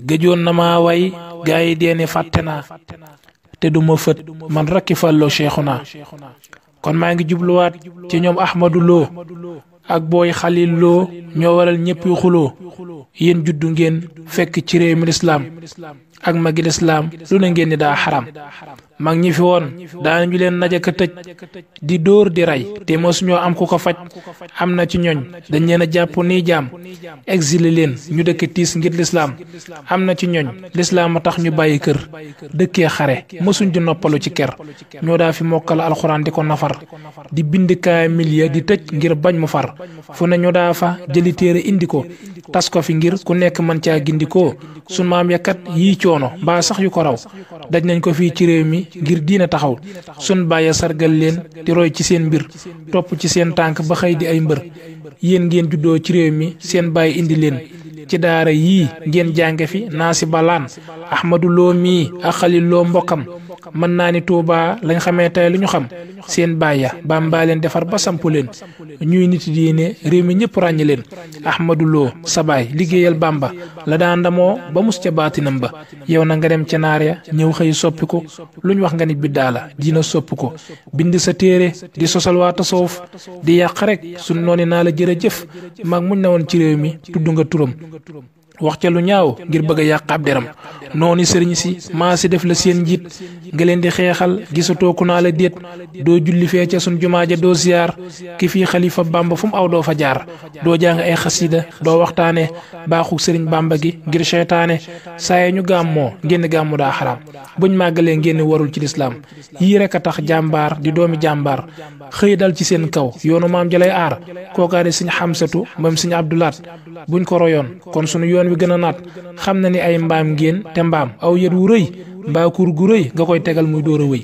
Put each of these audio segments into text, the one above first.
géjoon na ma way gaa yi dee fàtte naa te du ma fët man rakki fàlloo Cheikhouna kon maa ngi jubluwaat ci ñoom Ahmadou loo ak booy Xalil Lo ñoo waral ñëpp yu xuloo yéen juddu ngeen fekk ci réew mi lislaam ak magi lislaam lu ne ngeen ni daa xaram mag ñi fi woon daanañu leen najaka tëj di dóor di rey te mosuñoo am ku ko faj am na ci ñooñ dañ leen a jàpp nii jaam exilé leen ñu dëkk tiis ngir lislaam am na ci ñooñ lislaam a tax ñu bàyyi kër dëkkee xare mosuñ di noppalu ci ker ñoo daa fi mokkal alxuraan di ko nafar di bind kaamil ya di tëj ngir bañ mu far fu ne ñoo daa fa jëli téere indi ko tas ko fi ngir ku nekk mën caa gindikoo sun maam yakat yii coono mbaa sax yu ko raw daj nañ ko fii ci ngir diina taxaw sun bàyyi sargal leen di roy ci seen mbir topp ci seen tànk ba xëy di ay mbër yéen ngeen juddoo ci réew mi seen bàyyi indi leen ci daara yii ngeen jànge fi naasi balaan ahmadu loo mii ak xalil loo mbokkam mën naa ni Touba lañ xamee tey li ñu xam seen baaya baam baa leen defar ba sampu leen ñuy nit diine réew mi ñëpp ràññi leen Ahmadu Lo sabaay liggéeyal Bamba la daa ndamoo ba mus ca baatinam ba yow na nga dem ca naar ya ñëw xëy soppi ko lu luñ wax nga ni bi la diina soppi ko bind sa téere di sosal waa tasawuf di yàq rek suñ nooni naa la jërëjëf mag muñ na woon ci réew mi tudd nga turam wax ca lu ñaaw ngir bëgg a yàq ab deram noonu sëriñ si maa si def la seen njiit nga leen di xeexal gisatoo ku naa la déet doo julli fee ca suñ jumaa ja doo ziyaar ki fii xalifa bamba fu mu aw doo fa jaar doo jàng ay xasida doo waxtaane baaxu sëriñ bamba gi ngir seytaane saa yi ñu gàmmoo ngeen gàmmu daa xaraam buñ màggalee ngeen warul ci lislaam yii rek a tax jàmbaar di doomi jàmbaar xëy dal ci seen kaw yoonu maam jalay aar kookaari siñ xam moom siñ abdulaat buñ ko royoon kon sunu yoon wi gën a naat xam na ni ay mbaam ngeen te mbaam aw yet wu rëy mbaakuur gu rëy nga koy tegal muy dóor a wëy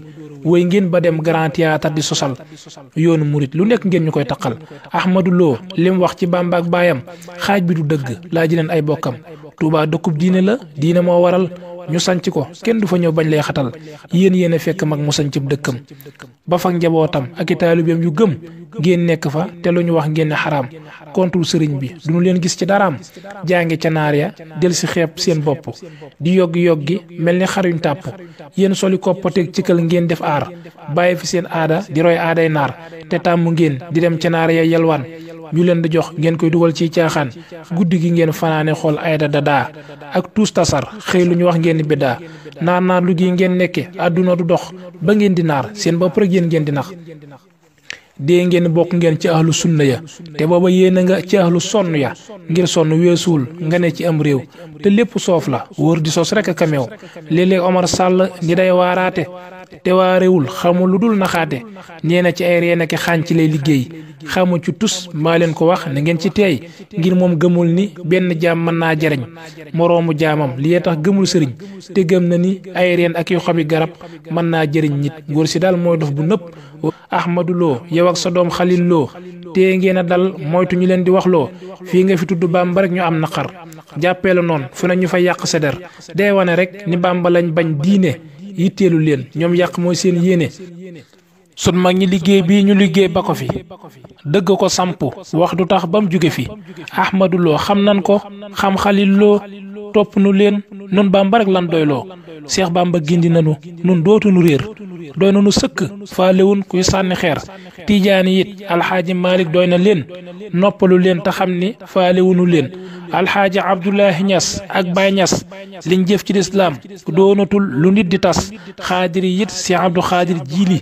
wëy ngeen ba dem grand théâtre di sosal yoonu murit lu nekk ngeen ñu koy taqal ahmadu loo lim wax ci bàmba ak baayam xaaj bi du dëgg laa leen ay bokkam tuubaa dëkkub diine la diine moo waral ñu sanc ko kenn du fa ñëw bañ lay xatal yéen yéen a fekk mag mu sanc dëkkam ba fak njabootam ak i taalibeem yu gëm ngeen nekk fa te lu ñu wax ngeen ne xaraam kontul sëriñ bi duñu leen gis ci daraam jàngi ca naar ya del si xeeb seen bopp di yoggi yoggi mel ni xaruñ tàpp yéen soli koppateeg ci kël ngeen def aar bàyyi fi seen aada di roy aaday naar te tàmm ngeen di dem ca naar ya yelwaan ju leen di jox ngeen koy dugal ci caaxaan guddi gi ngeen fanaane xool ayda dadaa ak tuus tasar xëy lu ñu wax ngeen biddaa naar naar lu gi ngeen nekke àdduna du dox ba ngeen di naar seen bopp rek yéen ngeen di nax dee ngeen bokk ngeen ci ahlu sunna ya te booba yéen a nga ci ahlu sonn ya ngir sonn weesuwul nga ne ci am réew te lépp soof la wóor di sos rek a kameew léeg Omar Sall ni day waaraate te waa réewul xamu lu dul naxaate nee na ci ay reen ak ci lay liggéey xamu ci tus maa leen ko wax na ngeen ci teey ngir moom gëmul ni benn jaam mën naa jariñ moroomu jaamam li tax gëmul sëriñ te gëm na ni ay reen ak yu xobi garab mën naa jëriñ nit góor si daal mooy dof bu nëpp ahmadu loo yow ak sa doom xalil loo tee ngeen a dal moytu ñu leen di wax loo fii nga fi tudd bàmba rek ñu am naqar jàppee la noonu fu na ñu fa yàq sa der day wane rek ni bàmba lañ bañ diine yitteelu leen ñoom yàq mooy seen yéene sun mag ñi liggéey bii ñu liggéey ba ko fi dëgg ko samp wax du tax ba mu jóge fi ahmadu loo xam nan ko xam xalil loo topp nu leen nun bàmba rek lan doyloo Cheikh Bamba gindi nanu nun dootuñu réer doy na nu sëkk faalewun kuy sànni xeer tiijaani it alxaaji Malick doy na leen noppalu leen te xam ni faalewunu leen alxaaji Abdoulahi ñas ak Baye Niass liñ jëf ci lislaam doonatul lu nit di tas xaadiri it si Abdou Xaadir jiili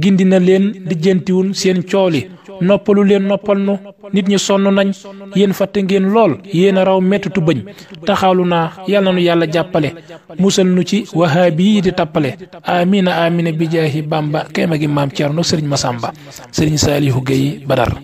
gindi na leen lijjantiwul seen cooli noppalu leen noppal nu nit ñi sonn nañ yéen fàtte ngeen lool yéen a raw mettitu bëñ taxaalu naa yal na nu yàlla jàppale musal nu ci wahaabi yi di tappale amina amina bijaahi bamba kéema gi maam Cerno sëriñ Masamba sëriñ Saalihu Géy Badar